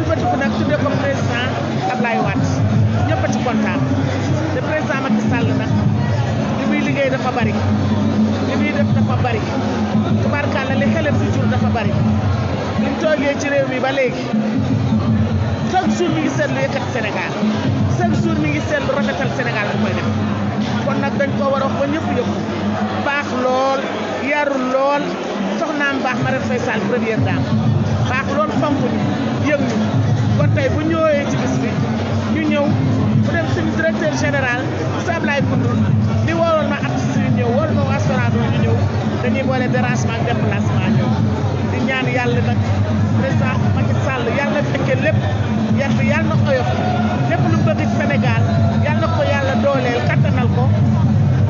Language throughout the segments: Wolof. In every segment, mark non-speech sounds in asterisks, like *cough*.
wëlbatiku nag tuddee ko dafa bari li muy def mi ba léegi chaque mi ngi seetlu yëkkati Sénégal chaque jour mi ngi seetlu rafetal Sénégal bu koy def kon nag dañ koo war ba ñëpp yëpp baax lool yarul lool soxnaam baax Marème Faye Sall première dame. bu doon fonk ñu yëg ñu kon bu ñëwee ci bis bi ñu ñëw mu dem suñu directeur général sa Ablaye Koundoul li waroon na artiste yi ñëw waroon na restaurant ñu ñëw dañuy boole dérangement ak déplacement ñëw di ñaan yàlla nag président Macky Sall yàlla na fekkee lépp yàlla yàlla oyof lépp lu bëgg ci yàlla ko yàlla dooleel kattanal ko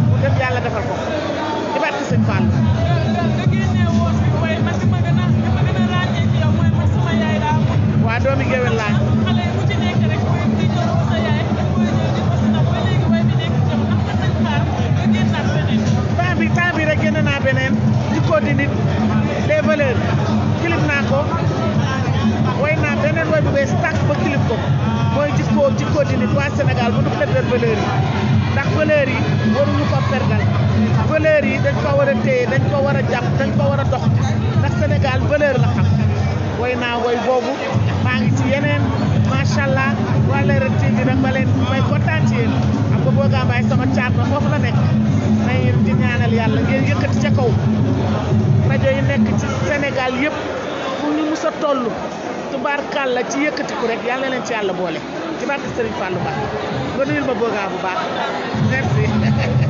mu dem yàlla defal ko di barke Sëñ Fall waaw doomi géwél laaj temps bi rek génn naa beneen jikkoo di nit les valeurs clip naa ko way naa beneen way bu bees tàkk ba clip ko mooy jikkoo jikkoo di nit waa Sénégal bu nu perder valeurs yi ndax valeurs yi waruñu ko pergal valeur yi dañ ko war a téye dañ ko war a jàpp dañ ko war a dox ndax Sénégal valeur la xam way naa way boobu maa ngi ci yeneen macha allah wala rek ci di nag ba ci yéen am nga boogaa mbaay sama caat ba foofu la nekk may yéen di ñaanal yàlla ngeen yëkkati ca kaw rajo nekk ci Sénégal yëpp fu ñu mus a toll tubaarkàlla ci yëkkatiku rek yàlla leen ci yàlla boole ci barke Serigne Fallou Ba nga nuyul ma boogaa bu *laughs*